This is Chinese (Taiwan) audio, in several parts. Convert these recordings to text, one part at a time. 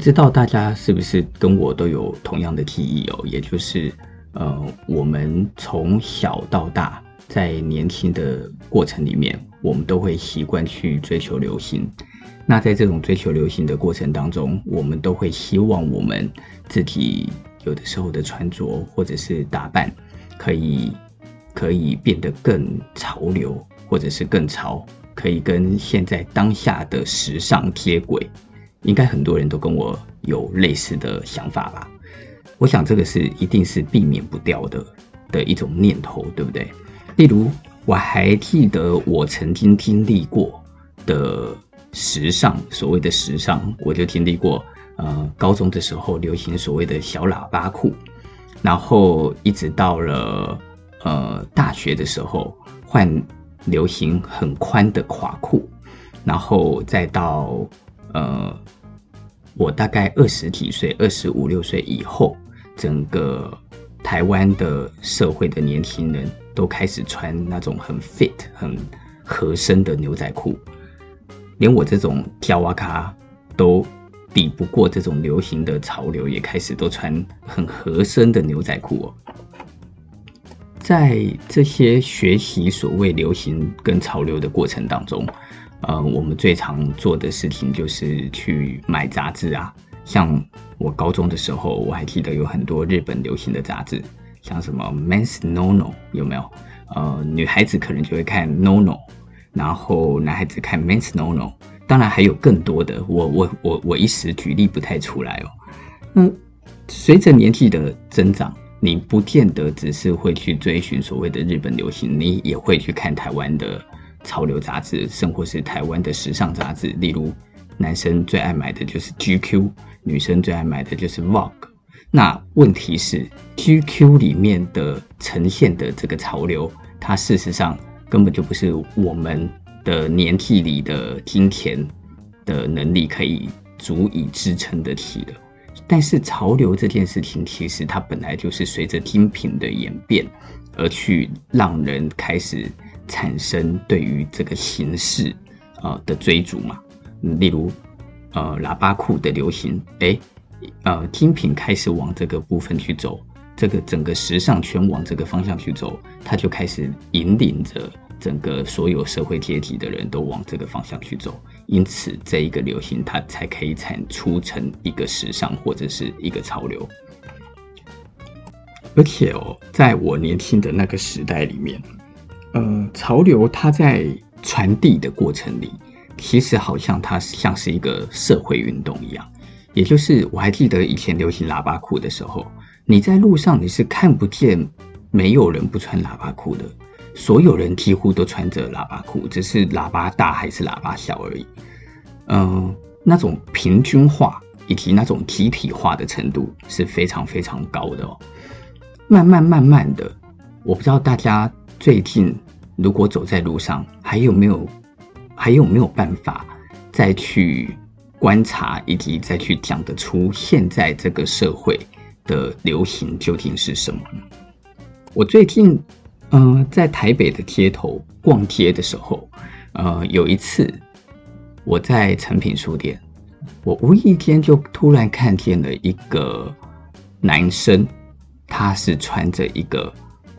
不知道大家是不是跟我都有同樣的記憶哦？也就是，呃，我們從小到大，在年輕的過程裡面，我們都會習慣去追求流行。那在這種追求流行的過程當中，我們都會希望我們自己有的時候的穿着或者是打扮，可以可以變得更潮流，或者是更潮，可以跟現在當下的時尚接軌。應該很多人都跟我有類似的想法吧？我想這個是一定是避免不掉的的一種念頭，對不對？例如，我還記得我曾經經歷過的時尚，所謂的時尚，我就經歷過，呃，高中的時候流行所謂的小喇叭褲，然後一直到了，呃，大學的時候換流行很寬的垮褲，然後再到。呃，我大概二十幾歲、二十五六歲以後，整個台灣的社會的年輕人都開始穿那種很 fit、很合身的牛仔褲，連我這種跳蛙咖都抵不過這種流行的潮流，也開始都穿很合身的牛仔褲哦。在這些學習所謂流行跟潮流的過程當中。呃，我們最常做的事情就是去買雜誌啊。像我高中的時候，我還記得有很多日本流行的雜誌，像什麼《Men's Nono》，有沒有？呃，女孩子可能就會看《Nono》，然後男孩子看《Men's Nono》，當然還有更多的。我我我我一時舉例不太出來哦。那、嗯、隨着年紀的增長，你不見得只是會去追尋所謂的日本流行，你也會去看台灣的。潮流雜誌，甚或是台灣的時尚雜誌，例如男生最愛買的就是 GQ，女生最愛買的就是 Vogue。那問題是，GQ 裡面的呈現的這個潮流，它事實上根本就不是我們的年紀裡的金錢的能力可以足以支撐得起的。但是，潮流這件事情，其實它本來就是隨着精品的演變而去讓人開始。產生對於這個形式啊的追逐嘛，例如，呃，喇叭褲的流行，誒，呃，精品開始往這個部分去走，這個整個時尚圈往這個方向去走，它就開始引領着整個所有社會階級的人都往這個方向去走，因此這一個流行它才可以產出成一個時尚或者是一個潮流。而且哦，在我年輕的那個時代裡面。呃，嗯，潮流它在傳遞的過程裡，其實好像它像是一個社會運動一樣。也就是我還記得以前流行喇叭褲的時候，你在路上你是看不見沒有人不穿喇叭褲的，所有人幾乎都穿着喇叭褲，只是喇叭大還是喇叭小而已。嗯，那種平均化以及那種集體化的程度是非常非常高的哦。慢慢慢慢的，我不知道大家。最近，如果走在路上，還有沒有，還有沒有辦法再去觀察，以及再去講得出現在這個社會的流行究竟是什麼呢？我最近，嗯、呃，在台北的街頭逛街的時候，呃，有一次我在誠品書店，我無意間就突然看見了一個男生，他是穿着一個。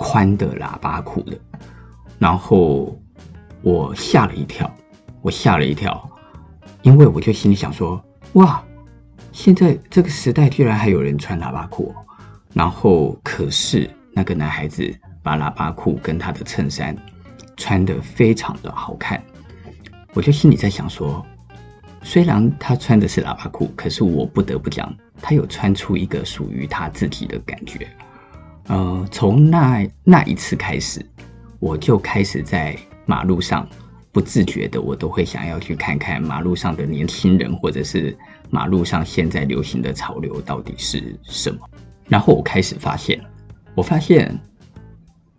寬的喇叭褲的，然後我嚇了一跳，我嚇了一跳，因為我就心裡想說，哇，現在這個時代居然還有人穿喇叭褲，然後可是那個男孩子把喇叭褲跟他的襯衫穿得非常的好看，我就心裡在想說，雖然他穿的是喇叭褲，可是我不得不講，他有穿出一個屬於他自己的感覺。呃，從那那一次開始，我就開始在馬路上，不自覺的，我都會想要去看看馬路上的年輕人，或者是馬路上現在流行的潮流到底是什麼。然後我開始發現，我發現，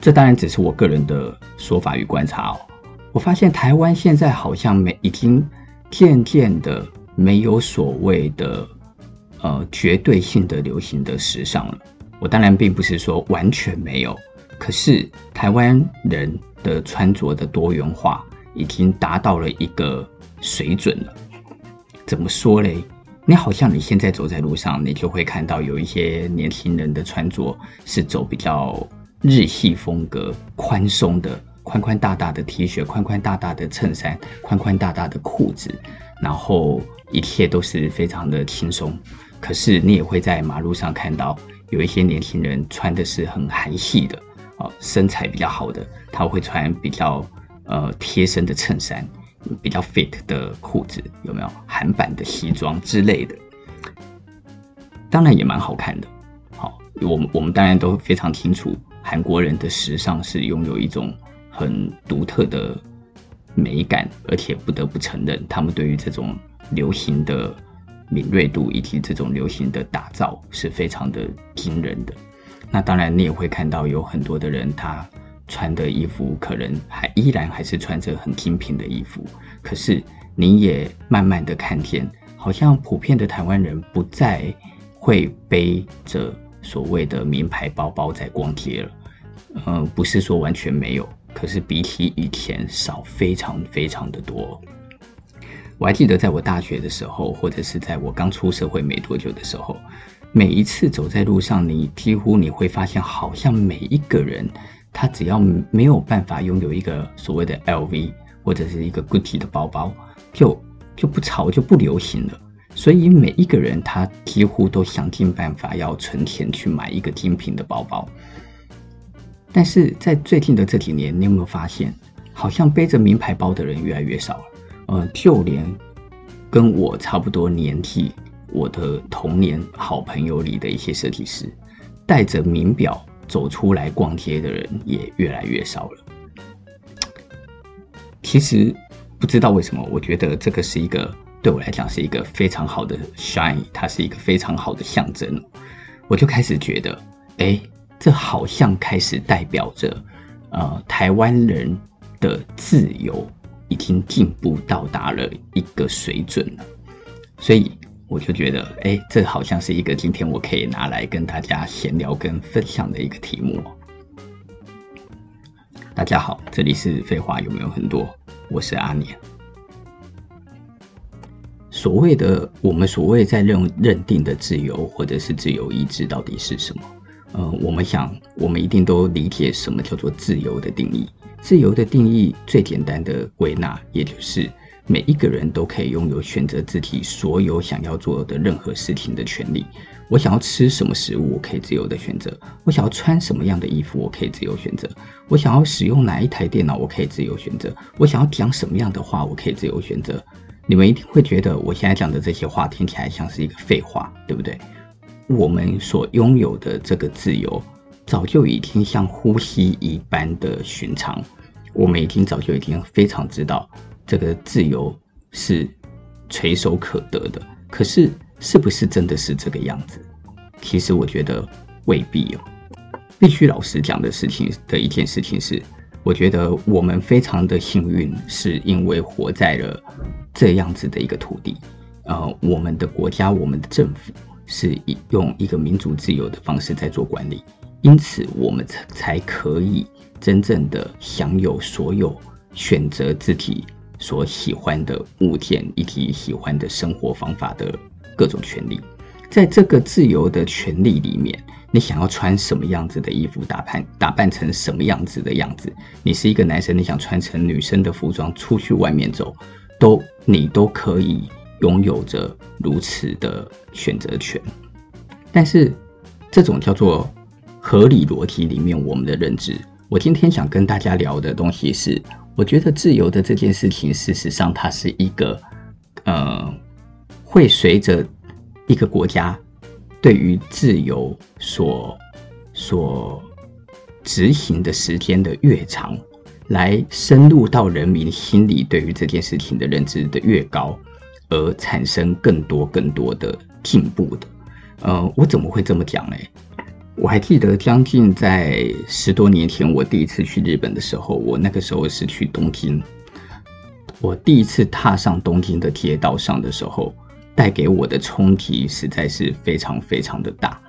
這當然只是我個人的說法與觀察哦，我發現台灣現在好像沒已經漸漸的沒有所謂的呃絕對性的流行的時尚了。我當然並不是說完全沒有，可是台灣人的穿着的多元化已經達到了一個水準了。怎麼說嘞？你好像你現在走在路上，你就會看到有一些年輕人的穿着是走比較日系風格，寬鬆的寬寬大大的 T 恤，寬寬大大的襯衫，寬寬大大的褲子，然後一切都是非常的輕鬆。可是你也會在馬路上看到。有一些年輕人穿的是很韓系的啊，身材比較好的，他會穿比較呃貼身的襯衫，比較 fit 的褲子，有沒有韓版的西裝之類的？當然也蠻好看的。好，哦，我們我們當然都非常清楚，韓國人的時尚是擁有一種很獨特的美感，而且不得不承認，他們對於這種流行的。敏銳度以及這種流行的打造，是非常的驚人的。那當然，你也會看到有很多的人，他穿的衣服可能還依然還是穿着很精品的衣服。可是，你也慢慢的看見，好像普遍的台灣人不再會背着所謂的名牌包包在逛街了。嗯，不是說完全沒有，可是比起以前少非常非常的多。我還記得，在我大學的時候，或者是在我剛出社會沒多久的時候，每一次走在路上，你幾乎你會發現，好像每一個人他只要沒有辦法擁有一個所謂的 LV 或者是一個 Gucci 的包包，就就不潮就不流行了。所以每一個人他幾乎都想盡辦法要存錢去買一個精品的包包。但是在最近的這幾年，你有沒有發現，好像背着名牌包的人越來越少了？嗯、呃，就連跟我差不多年紀，我的童年好朋友裡的一些設計師，戴著名表走出來逛街的人也越來越少了。其實不知道為什麼，我覺得這個是一個對我來講是一個非常好的 shine，它是一個非常好的象徵。我就開始覺得，哎、欸，這好像開始代表着，呃，台灣人的自由。已經進步到達了一個水準了，所以我就覺得，哎，這好像是一個今天我可以拿來跟大家閒聊跟分享的一個題目。大家好，這裡是廢話有沒有很多？我是阿年。所謂的我們所謂在認認定的自由或者是自由意志到底是什麼？嗯，我們想，我們一定都理解什麼叫做自由的定義。自由的定義最簡單的歸納，也就是每一個人都可以擁有選擇自己所有想要做的任何事情的權利。我想要吃什麼食物，我可以自由的選擇；我想要穿什麼樣的衣服，我可以自由選擇；我想要使用哪一台電腦，我可以自由選擇；我想要講什麼樣的話，我可以自由選擇。你們一定會覺得我現在講的這些話聽起來像是一個廢話，對不對？我們所擁有的這個自由。早就已經像呼吸一般的尋常，我們已經早就已經非常知道這個自由是垂手可得的。可是，是不是真的是這個樣子？其實我覺得未必哦。必須老實講的事情的一件事情是，我覺得我們非常的幸運，是因為活在了這樣子的一個土地。呃，我們的國家，我們的政府是以用一個民主自由的方式在做管理。因此，我們才才可以真正的享有所有選擇自己所喜歡的物件以及喜歡的生活方法的各種權利。在這個自由的權利裡面，你想要穿什麼樣子的衣服、打扮打扮成什麼樣子的樣子，你是一個男生，你想穿成女生的服裝出去外面走，都你都可以擁有着如此的選擇權。但是，這種叫做。合理邏輯裡面，我們的認知。我今天想跟大家聊的東西是，我覺得自由的這件事情，事實上它是一個，呃，會隨着一個國家對於自由所所執行的時間的越長，來深入到人民心裡對於這件事情的認知的越高，而產生更多更多的進步的。呃，我怎麼會這麼講呢？我還記得，將近在十多年前，我第一次去日本的時候，我那個時候是去東京。我第一次踏上東京的街道上的時候，帶給我的衝擊實在是非常非常的大。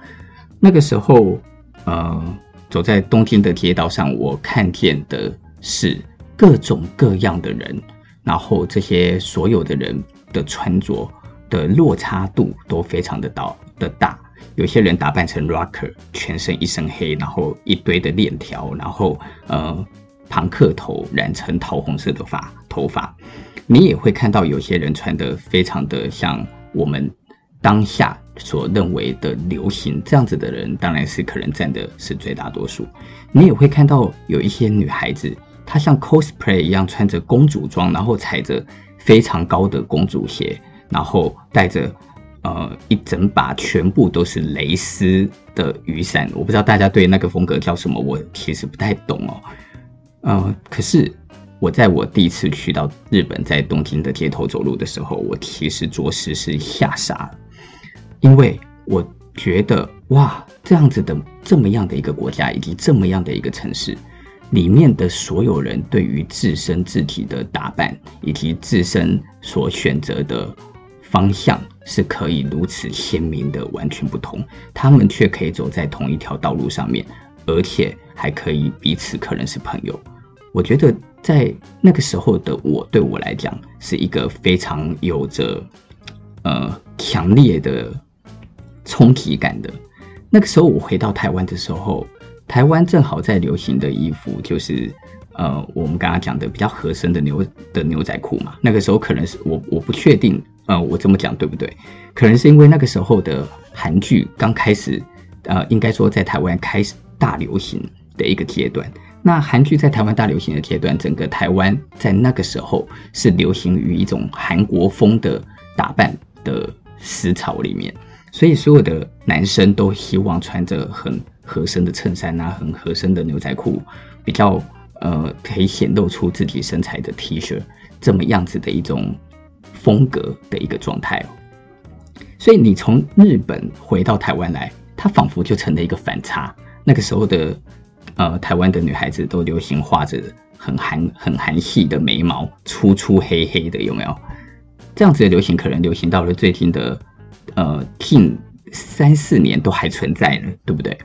那個時候，呃，走在東京的街道上，我看見的是各種各樣的人，然後這些所有的人的穿着的落差度都非常的大的大。有些人打扮成 rocker，全身一身黑，然後一堆的鏈條，然後呃，龐克頭染成桃紅色的髮頭髮。你也會看到有些人穿的非常的像我們當下所認為的流行這樣子的人，當然是可能佔的是最大多數。你也會看到有一些女孩子，她像 cosplay 一樣穿着公主裝，然後踩着非常高的公主鞋，然後帶着，呃，一整把全部都是蕾絲的雨傘，我不知道大家對那個風格叫什麼，我其實不太懂哦。嗯、呃，可是我在我第一次去到日本，在東京的街頭走路的時候，我其實着實是嚇傻了，因為我覺得哇，這樣子的這麼樣的一個國家，以及這麼樣的一個城市，裡面的所有人對於自身字體的打扮，以及自身所選擇的。方向是可以如此鮮明的完全不同，他們卻可以走在同一條道路上面，而且還可以彼此可能是朋友。我覺得在那個時候的我，對我來講是一個非常有着呃強烈的衝擊感的。那個時候我回到台灣的時候，台灣正好在流行的衣服就是呃我們剛剛講的比較合身的牛的牛仔褲嘛。那個時候可能是我我不確定。呃，我這麼講對不對？可能是因為那個時候的韓劇剛開始，呃，應該說在台灣開始大流行的一個階段。那韓劇在台灣大流行的階段，整個台灣在那個時候是流行於一種韓國風的打扮的思潮裡面，所以所有的男生都希望穿着很合身的襯衫啊，很合身的牛仔褲，比較呃可以顯露出自己身材的 T 恤，這麼樣子的一種。風格的一個狀態哦，所以你從日本回到台灣來，它仿佛就成了一個反差。那個時候的呃，台灣的女孩子都流行畫着很韓、很韓系的眉毛，粗粗黑黑的，有沒有這樣子的流行？可能流行到了最近的呃，近三四年都還存在了，對不對？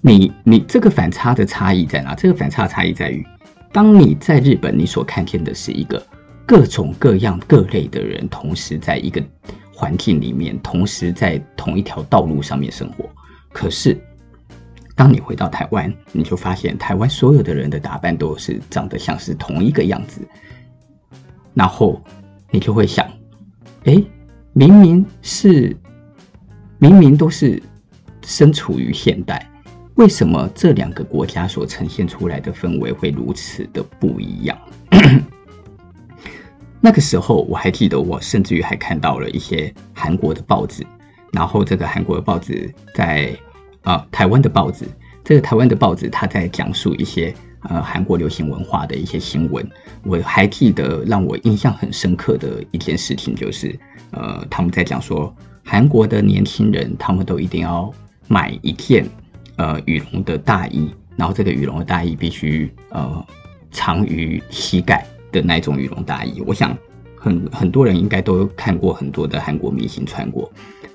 你你這個反差的差異在哪？這個反差差異在於，當你在日本，你所看見的是一個。各種各樣、各類的人同時在一個環境裡面，同時在同一條道路上面生活。可是，當你回到台灣，你就發現台灣所有的人的打扮都是長得像是同一個樣子。然後，你就會想，誒，明明是，明明都是身處於現代，為什麼這兩個國家所呈現出來的氛圍會如此的不一樣？ 那個時候我還記得，我甚至於還看到了一些韓國的報紙，然後這個韓國的報紙在啊、呃、台灣的報紙，這個台灣的報紙它在講述一些呃韓國流行文化的一些新聞。我還記得讓我印象很深刻的一件事情，就是呃他們在講說韓國的年輕人他們都一定要買一件呃羽絨的大衣，然後這個羽絨的大衣必須呃長於膝蓋。的那種羽絨大衣，我想很很多人應該都看過，很多的韓國明星穿過。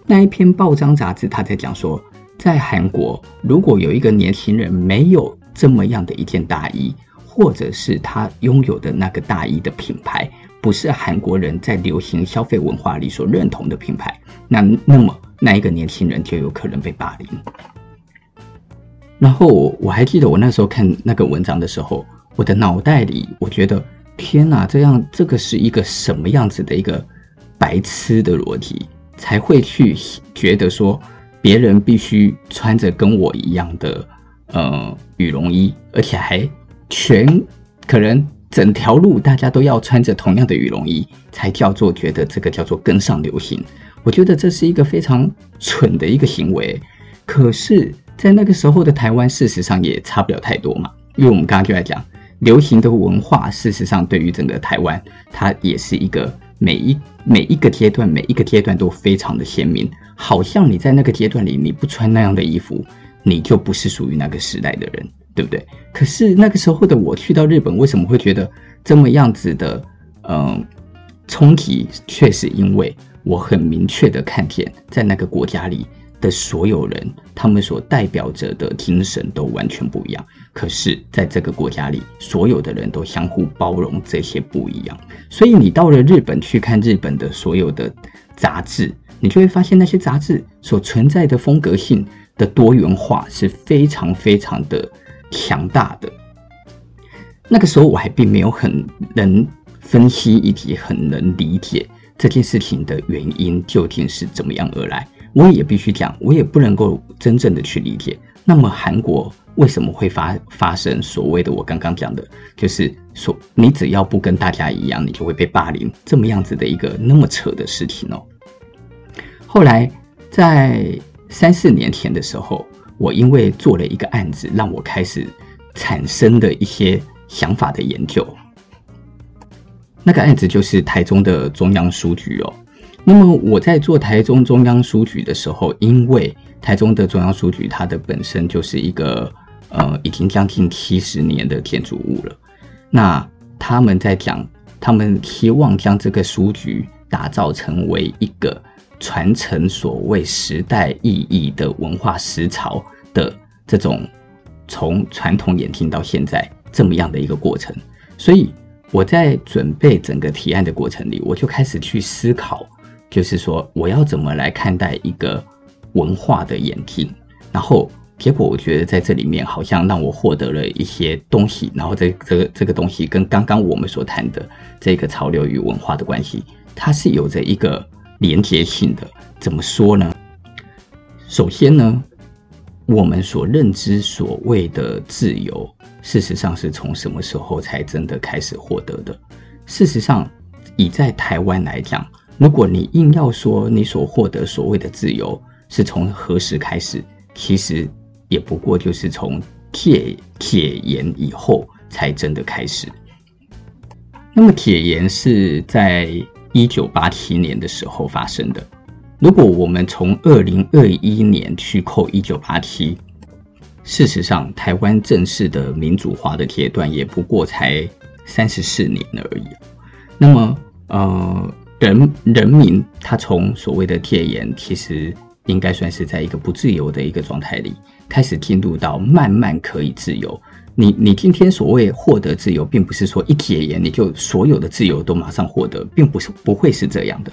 那一篇報章雜誌，他在講說，在韓國如果有一個年輕人沒有這麼樣的一件大衣，或者是他擁有的那個大衣的品牌，不是韓國人在流行消費文化裡所認同的品牌，那那麼那一個年輕人就有可能被霸凌。然後我還記得我那時候看那個文章的時候，我的腦袋裡我覺得。天吶，這樣這個是一個什麼樣子的一個白痴的邏輯，才會去覺得說別人必須穿着跟我一樣的呃羽絨衣，而且還全可能整條路大家都要穿着同樣的羽絨衣，才叫做覺得這個叫做跟上流行。我覺得這是一個非常蠢的一個行為。可是，在那個時候的台灣，事實上也差不了太多嘛，因為我們剛剛就在講。流行的文化，事實上對於整個台灣，它也是一個每一每一個階段，每一個階段都非常的鮮明。好像你在那個階段裡，你不穿那樣的衣服，你就不是屬於那個時代的人，對不對？可是那個時候的我去到日本，為什麼會覺得這麼樣子的，嗯、呃，衝擊，確實因為我很明確的看見，在那個國家裡的所有人，他們所代表着的精神都完全不一樣。可是，在這個國家裡，所有的人都相互包容這些不一樣。所以，你到了日本去看日本的所有的雜誌，你就會發現那些雜誌所存在的風格性的多元化是非常非常的強大的。那個時候，我還並沒有很能分析以及很能理解這件事情的原因究竟是怎麼樣而來。我也必須講，我也不能夠真正的去理解。那麼韓國為什麼會發發生所謂的我剛剛講的，就是說你只要不跟大家一樣，你就會被霸凌這麼樣子的一個那麼扯的事情呢？後來在三四年前的時候，我因為做了一個案子，讓我開始產生的一些想法的研究。那個案子就是台中的中央書局哦。那麼我在做台中中央書局的時候，因為台中的中央書局，它的本身就是一個呃已經將近七十年的建築物了。那他們在講，他們希望將這個書局打造成為一個傳承所謂時代意義的文化思潮的這種從傳統演進到現在這麼樣的一個過程。所以我在準備整個提案的過程裡，我就開始去思考，就是說，我要怎麼來看待一個文化的演進？然後，結果我覺得在這裡面好像讓我獲得了一些東西。然後，這、這個、這個東西跟剛剛我們所談的這個潮流與文化的關係，它是有着一個連結性的。怎麼說呢？首先呢，我們所認知所謂的自由，事實上是從什麼時候才真的開始獲得的？事實上，以在台灣來講。如果你硬要說你所獲得所謂的自由是從何時開始，其實也不過就是從解解嚴以後才真的開始。那麼解嚴是在一九八七年的時候發生的。如果我們從二零二一年去扣一九八七，事實上，台灣正式的民主化的階段也不過才三十四年而已。那麼，嗯、呃。人人民，他從所謂的解嚴，其實應該算是在一個不自由的一個狀態裡，開始進入到慢慢可以自由你。你你今天所謂獲得自由，並不是說一解嚴你就所有的自由都馬上獲得，並不是不會是這樣的。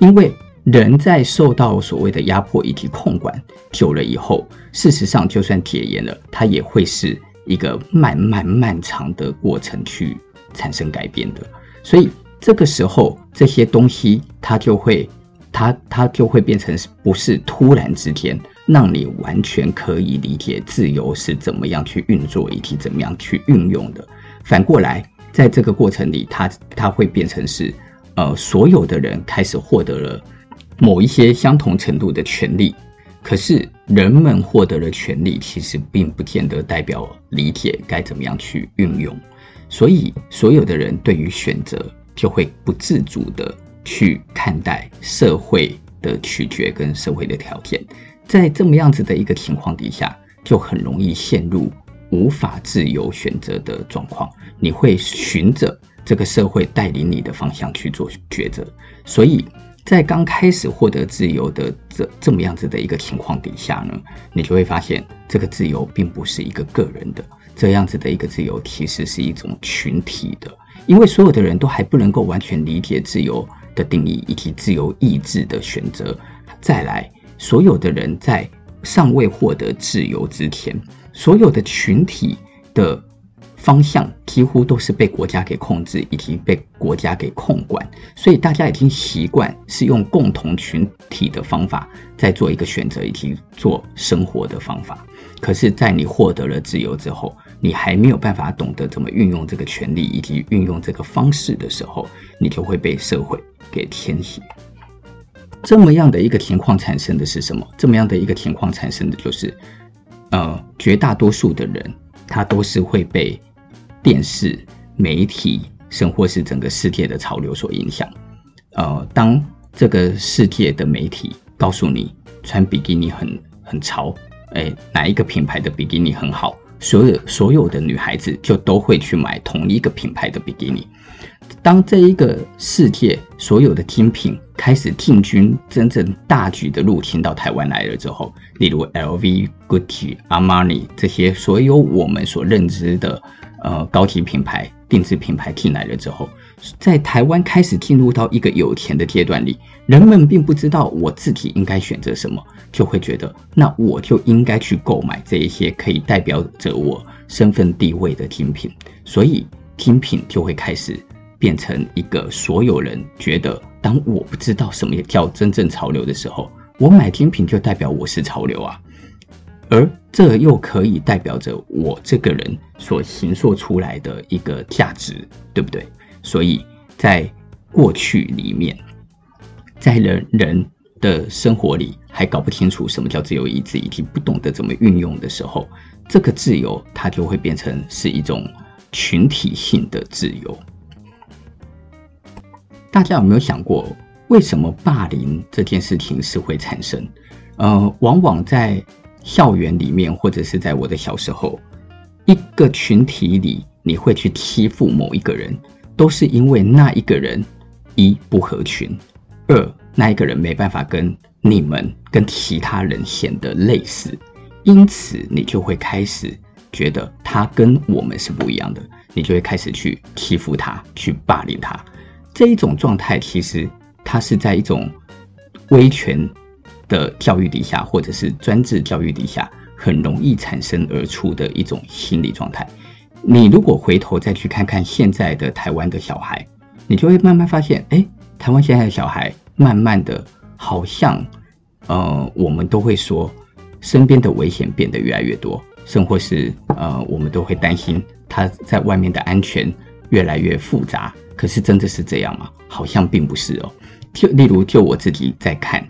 因為人在受到所謂的壓迫、以及控管久了以後，事實上就算解嚴了，它也會是一個慢慢漫，漫長的過程去產生改變的。所以這個時候。這些東西，它就會，它它就會變成，不是突然之間讓你完全可以理解自由是怎麼樣去運作以及怎麼樣去運用的。反過來，在這個過程裡它，它它會變成是，呃，所有的人開始獲得了某一些相同程度的權利。可是，人們獲得了權利，其實並不見得代表理解該怎麼樣去運用。所以，所有的人對於選擇。就會不自主地去看待社會的取決跟社會的條件，在這麼樣子的一個情況底下，就很容易陷入無法自由選擇的狀況。你會循着這個社會帶領你的方向去做抉擇。所以在剛開始獲得自由的這這麼樣子的一個情況底下呢，你就會發現這個自由並不是一個個人的，這樣子的一個自由其實是一種群體的。因為所有的人都還不能夠完全理解自由的定義以及自由意志的選擇，再來，所有的人在尚未獲得自由之前，所有的群體的方向幾乎都是被國家給控制以及被國家給控管，所以大家已經習慣是用共同群體的方法在做一個選擇以及做生活的方法。可是，在你獲得了自由之後，你還沒有辦法懂得怎麼運用這個權利以及運用這個方式的時候，你就會被社會給填寫。這麼樣的一個情況產生的是什麼？這麼樣的一個情況產生的就是，呃，絕大多數的人他都是會被電視、媒體，甚或是整個世界的潮流所影響。呃，當這個世界的媒體告訴你穿比基尼很很潮。哎，哪一個品牌的比基尼很好？所有所有的女孩子就都會去買同一個品牌的比基尼。當這一個世界所有的精品開始進軍真正大舉的入侵到台灣來了之後，例如 LV、Gucci、Armani 這些所有我們所認知的，呃，高級品牌、定制品牌進來了之後。在台灣開始進入到一個有錢的階段裡，人們並不知道我自己應該選擇什麼，就會覺得那我就應該去購買這一些可以代表着我身份地位的精品，所以精品就會開始變成一個所有人覺得，當我不知道什麼叫真正潮流的時候，我買精品就代表我是潮流啊，而這又可以代表着我這個人所形塑出來的一個價值，對不對？所以，在過去裡面，在人人的生活裡，還搞不清楚什麼叫自由意志，以及不懂得怎麼運用的時候，這個自由它就會變成是一種群體性的自由。大家有沒有想過，為什麼霸凌這件事情是會產生？呃，往往在校園裡面，或者是在我的小時候，一個群體裡，你會去欺負某一個人。都是因為那一個人，一不合群，二那一個人沒辦法跟你們跟其他人顯得類似，因此你就會開始覺得他跟我們是不一樣的，你就會開始去欺負他，去霸凌他。這一種狀態其實它是在一種威權的教育底下，或者是專制教育底下，很容易產生而出的一種心理狀態。你如果回頭再去看看現在的台灣的小孩，你就會慢慢發現，哎，台灣現在的小孩慢慢的好像，呃，我們都會說身邊的危險變得越來越多，甚或是呃，我們都會擔心他在外面的安全越來越複雜。可是真的是這樣嗎？好像並不是哦。就例如就我自己在看，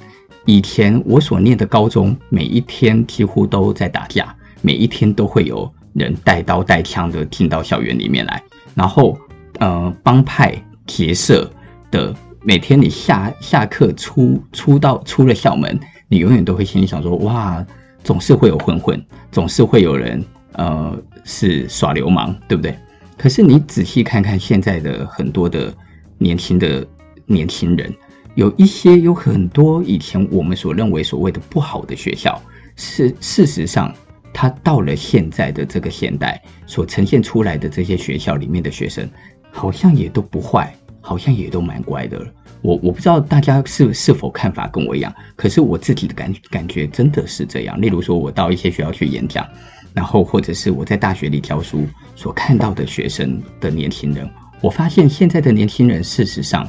以前我所念的高中，每一天幾乎都在打架，每一天都會有。人帶刀帶槍的進到校園裡面來，然後，呃，幫派結社的，每天你下下課出出到出了校門，你永遠都會心裡想說，哇，總是會有混混，總是會有人，呃，是耍流氓，對不對？可是你仔細看看現在的很多的年輕的年輕人，有一些有很多以前我們所認為所謂的不好的學校，是事實上。他到了現在的這個現代所呈現出來的這些學校裡面的學生，好像也都不壞，好像也都蠻乖的。我我不知道大家是是否看法跟我一樣，可是我自己的感感覺真的是這樣。例如說，我到一些學校去演講，然後或者是我在大學裡教書所看到的學生的年輕人，我發現現在的年輕人事實上，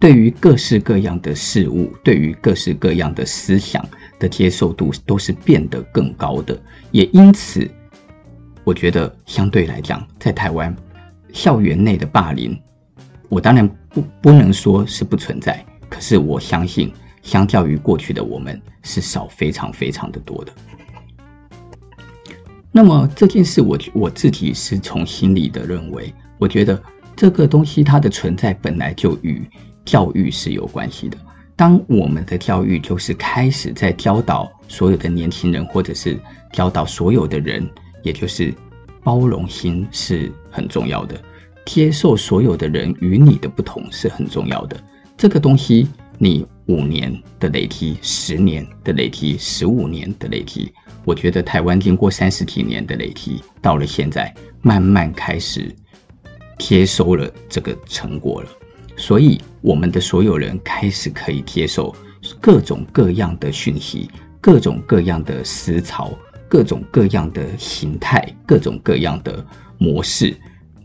對於各式各樣的事物，對於各式各樣的思想。的接受度都是變得更高的，也因此，我覺得相對來講，在台灣校園內的霸凌，我當然不不能說是不存在，可是我相信，相較於過去的我們，是少非常非常的多的。那麼這件事，我我自己是從心裡的認為，我覺得這個東西它的存在本來就與教育是有關係的。當我們的教育就是開始在教導所有的年輕人，或者是教導所有的人，也就是包容心是很重要的，接受所有的人與你的不同是很重要的。這個東西，你五年的累積，十年的累積，十五年的累積，我覺得台灣經過三十幾年的累積，到了現在，慢慢開始接收了這個成果了。所以，我們的所有人開始可以接受各種各樣的訊息，各種各樣的思潮，各種各樣的形態，各種各樣的模式，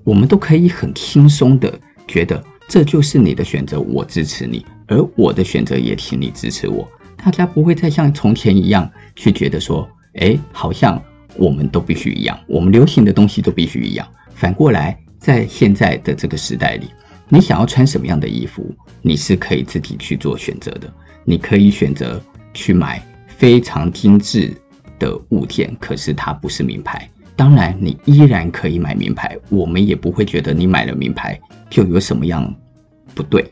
我們都可以很輕鬆的覺得這就是你的選擇，我支持你，而我的選擇也請你支持我。大家不會再像從前一樣去覺得說，哎，好像我們都必須一樣，我們流行的東西都必須一樣。反過來，在現在的這個時代裡。你想要穿什麼樣的衣服，你是可以自己去做選擇的。你可以選擇去買非常精致的物件，可是它不是名牌。當然，你依然可以買名牌，我們也不會覺得你買了名牌就有什麼樣不對。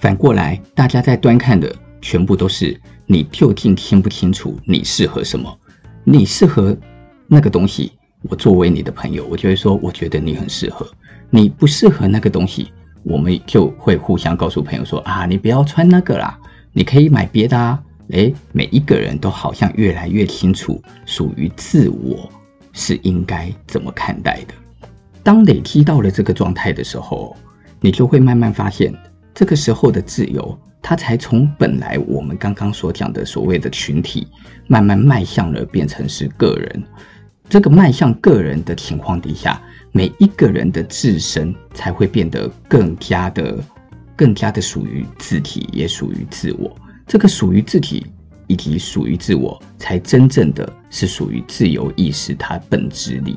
反過來，大家在端看的全部都是你究竟清不清楚你適合什麼？你適合那個東西，我作為你的朋友，我就會說，我覺得你很適合。你不適合那個東西。我們就會互相告訴朋友說啊，你不要穿那個啦，你可以買別的啊。哎，每一個人都好像越來越清楚，屬於自我是應該怎麼看待的。當累積到了這個狀態的時候，你就會慢慢發現，這個時候的自由，它才從本來我們剛剛所講的所謂的群體，慢慢邁向了變成是個人。這個邁向個人的情況底下。每一個人的自身才會變得更加的、更加的屬於自體，也屬於自我。這個屬於自體以及屬於自我，才真正的是屬於自由意識它本質裡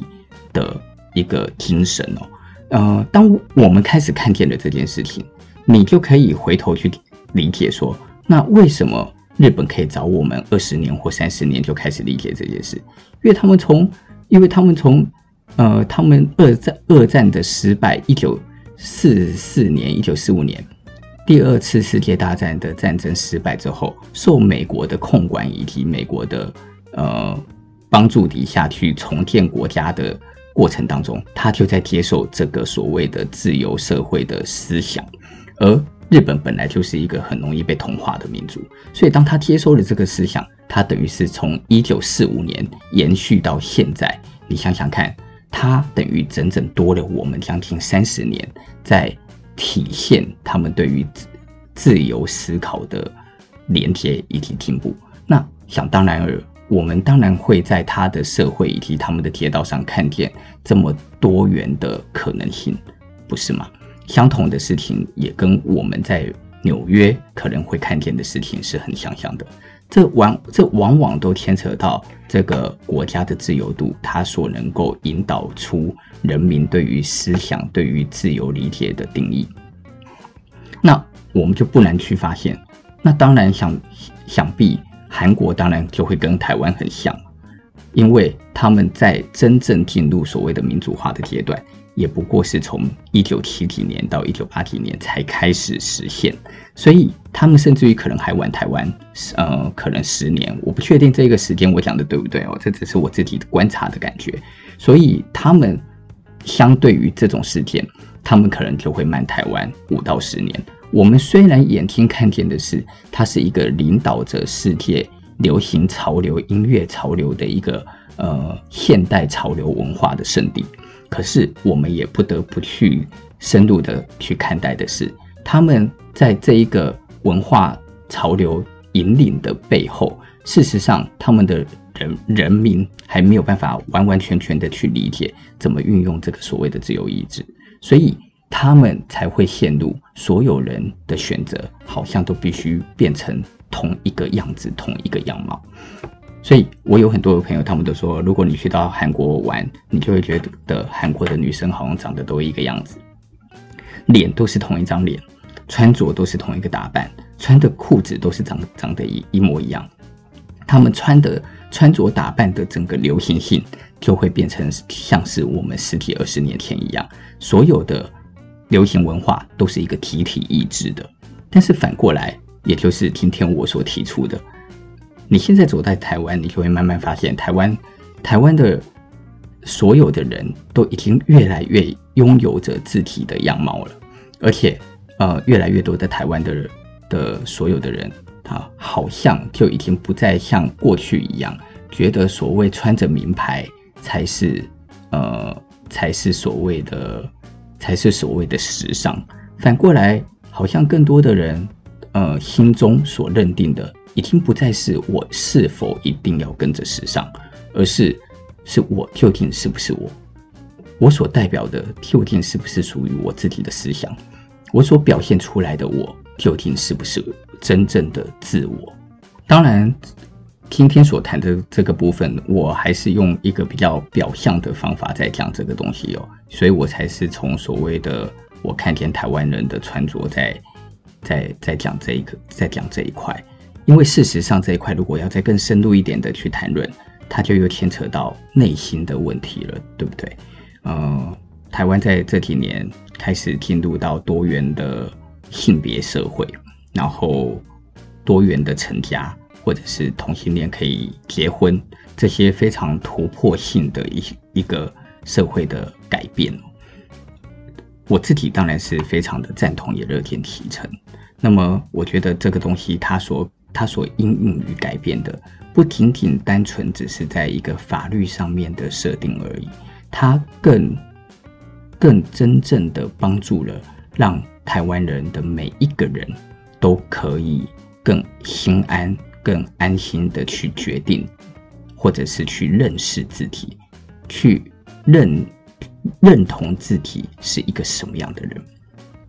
的一個精神哦。呃，當我們開始看見了這件事情，你就可以回頭去理解說，那為什麼日本可以早我們二十年或三十年就開始理解這件事？因為他們從，因為他們從。呃，他們二戰二戰的失敗，一九四四年、一九四五年，第二次世界大戰的戰爭失敗之後，受美國的控管，以及美國的呃幫助底下去重建國家的過程當中，他就在接受這個所謂的自由社會的思想。而日本本來就是一個很容易被同化的民族，所以當他接受了這個思想，他等於是從一九四五年延續到現在。你想想看。它等於整整多了我們將近三十年，在體現他們對於自由思考的連接以及進步。那想當然爾，我們當然會在他的社會以及他們的街道上看見這麼多元的可能性，不是嗎？相同的事情也跟我們在紐約可能會看見的事情是很相像的。這往，這往往都牽扯到這個國家的自由度，它所能夠引導出人民對於思想、對於自由理解的定義。那我們就不難去發現，那當然想，想必韓國當然就會跟台灣很像，因為他們在真正進入所謂的民主化的階段，也不過是從一九七幾年到一九八幾年才開始實現，所以他們甚至於可能還晚台灣呃，可能十年，我不確定這個時間我講的對不對哦,這只是我自己觀察的感覺。所以他們相對於這種事件，他們可能就會慢台灣五到十年。我們雖然眼睛看見的是它是一個領導著世界流行潮流音樂潮流的一個呃現代潮流文化的聖地。可是，我們也不得不去深入的去看待的是，他們在這一個文化潮流引領的背後，事實上，他們的人人民還沒有辦法完完全全的去理解怎麼運用這個所謂的自由意志，所以他們才會陷入所有人的選擇好像都必須變成同一個樣子，同一個樣貌。所以我有很多的朋友，他們都說，如果你去到韓國玩，你就會覺得韓國的女生好像長得都一個樣子，臉都是同一張臉，穿着都是同一個打扮，穿的褲子都是長長得一一模一樣。他們穿的穿着打扮的整個流行性就會變成像是我們十幾二十年前一樣，所有的流行文化都是一個集體意志的。但是反過來，也就是今天我所提出的。你現在走在台灣，你就會慢慢發現，台灣，台灣的所有的人都已經越來越擁有着自己的樣貌了，而且，呃，越來越多在台灣的的所有的人，他、啊、好像就已經不再像過去一樣，覺得所謂穿着名牌才是，呃，才是所謂的，才是所謂的時尚。反過來，好像更多的人，呃，心中所認定的。已經不再是我是否一定要跟着時尚，而是是我究竟是不是我，我所代表的究竟是不是屬於我自己的思想，我所表現出來的我究竟是不是真正的自我？當然，今天所談的這個部分，我還是用一個比較表象的方法在講這個東西哦，所以我才是從所謂的我看見台灣人的穿着在在在講這一個，在講這一塊。因為事實上這一塊，如果要再更深入一點的去談論，它就又牽扯到內心的問題了，對不對？呃，台灣在這幾年開始進入到多元的性別社會，然後多元的成家，或者是同性戀可以結婚，這些非常突破性的一一個社會的改變，我自己當然是非常的贊同，也樂見其成。那麼，我覺得這個東西它所他所應用於改變的，不僅僅單純只是在一個法律上面的設定而已，他更更真正的幫助了，讓台灣人的每一個人都可以更心安、更安心的去決定，或者是去認識自己，去認認同自己是一個什麼樣的人。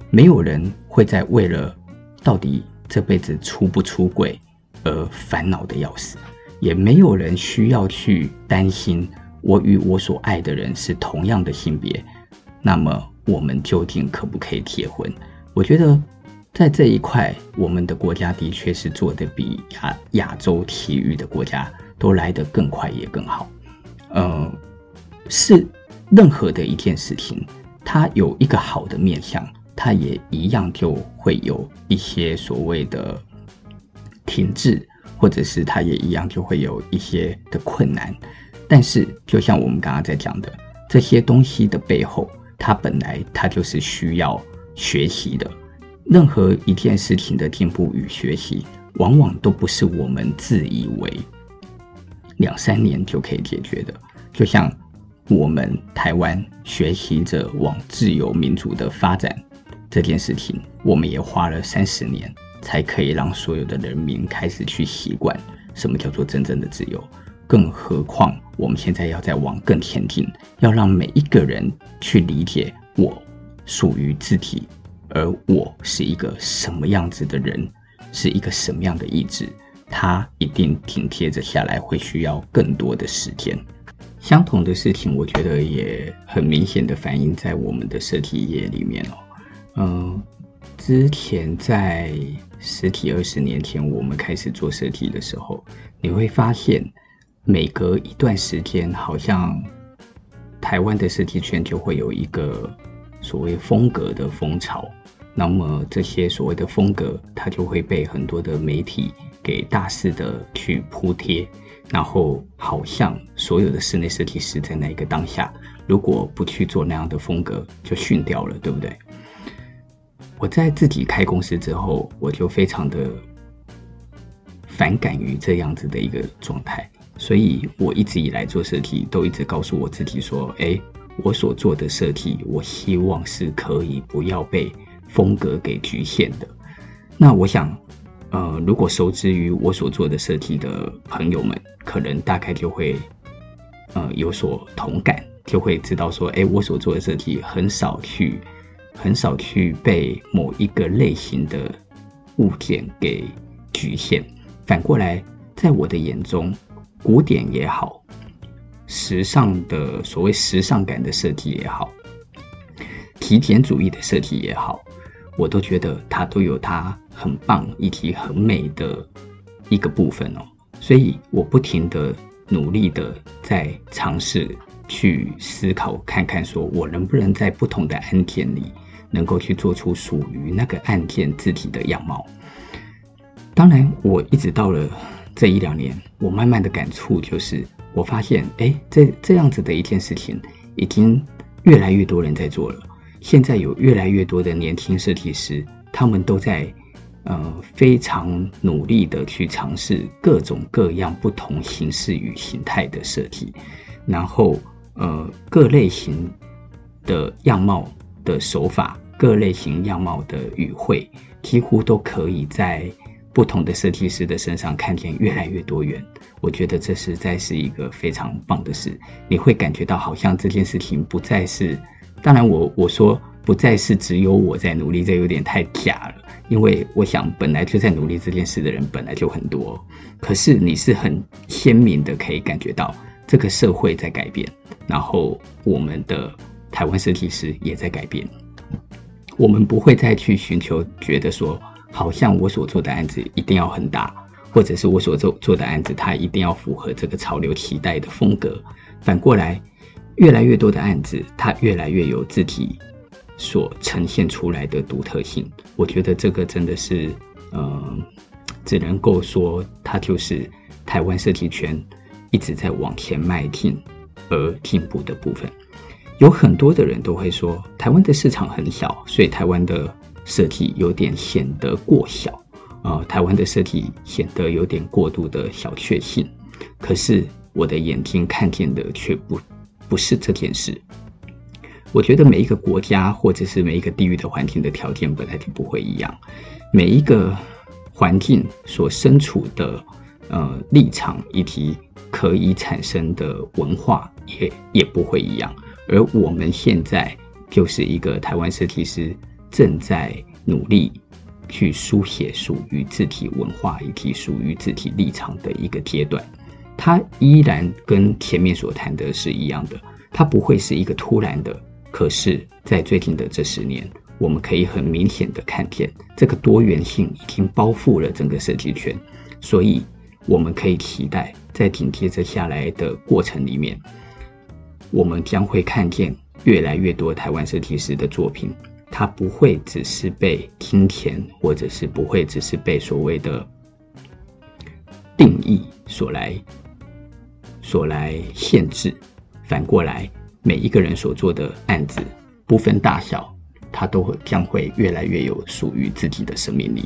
沒有人會再為了到底。這輩子出不出軌而煩惱的要死，也沒有人需要去擔心我與我所愛的人是同樣的性別，那麼我們究竟可不可以結婚？我覺得在這一塊，我們的國家的確是做得比亞亞洲其餘的國家都來得更快也更好。嗯，是任何的一件事情，它有一個好的面向。他也一樣就會有一些所謂的停滯，或者是他也一樣就會有一些的困難。但是，就像我們剛剛在講的，這些東西的背後，它本來它就是需要學習的。任何一件事情的進步與學習，往往都不是我們自以為兩三年就可以解決的。就像我們台灣學習着往自由民主的發展。這件事情，我們也花了三十年，才可以讓所有的人民開始去習慣什麼叫做真正的自由。更何況，我們現在要再往更前進，要讓每一個人去理解我屬於自己，而我是一個什麼樣子的人，是一個什麼樣的意志，它一定緊貼着下來，會需要更多的時間。相同的事情，我覺得也很明顯的反映在我們的設計業裡面哦。嗯，之前在十幾二十年前，我們開始做設計的時候，你會發現，每隔一段時間，好像台灣的設計圈就會有一個所謂風格的風潮。那麼這些所謂的風格，它就會被很多的媒體給大肆的去鋪貼，然後好像所有的室內設計師在那一個當下，如果不去做那樣的風格，就遜掉了，對不對？我在自己開公司之後，我就非常的反感於這樣子的一個狀態，所以我一直以來做設計都一直告訴我自己說：“欸，我所做的設計，我希望是可以不要被風格給局限的。”那我想，呃，如果熟知於我所做的設計的朋友們，可能大概就會，呃，有所同感，就會知道說：“欸，我所做的設計很少去。”很少去被某一個類型的物件給侷限。反過來，在我的眼中，古典也好，時尚的所謂時尚感的設計也好，極簡主義的設計也好，我都覺得它都有它很棒以及很美的一個部分哦。所以我不停的、努力的在嘗試去思考，看看說我能不能在不同的案件裡。能夠去做出屬於那個案件自己的樣貌。當然，我一直到了這一兩年，我慢慢的感觸就是，我發現，哎，這這樣子的一件事情，已經越來越多人在做了。現在有越來越多的年輕設計師，他們都在呃非常努力的去嘗試各種各樣不同形式與形態的設計，然後呃各類型的樣貌。的手法，各類型樣貌的語彙，幾乎都可以在不同的設計師的身上看見越來越多元。我覺得這實在是一個非常棒的事。你會感覺到好像這件事情不再是……當然我，我我說不再是只有我在努力，這有點太假了。因為我想本來就在努力這件事的人本來就很多，可是你是很鮮明的可以感覺到這個社會在改變，然後我們的。台灣設計師也在改變，我們不會再去尋求，覺得說好像我所做的案子一定要很大，或者是我所做做的案子它一定要符合這個潮流期待的風格。反過來，越來越多的案子它越來越有自己所呈現出來的獨特性。我覺得這個真的是，嗯，只能夠說它就是台灣設計圈一直在往前邁進而進步的部分。有很多的人都會說，台灣的市場很小，所以台灣的設計有點顯得過小，啊、呃，台灣的設計顯得有點過度的小確幸。可是我的眼睛看見的卻不不是這件事。我覺得每一個國家或者是每一個地域的環境的條件本來就不會一樣，每一個環境所身處的呃立場以及可以產生的文化也也不會一樣。而我們現在就是一個台灣設計師正在努力去書寫屬於自己文化以及屬於自己立場的一個階段。它依然跟前面所談的是一樣的，它不會是一個突然的。可是，在最近的這十年，我們可以很明顯的看見這個多元性已經包覆了整個設計圈，所以我們可以期待在緊接着下來的過程裡面。我們將會看見越來越多台灣設計師的作品，它不會只是被金錢，或者是不會只是被所謂的定義所來所來限制。反過來，每一個人所做的案子，不分大小，它都會，將會越來越有屬於自己的生命力。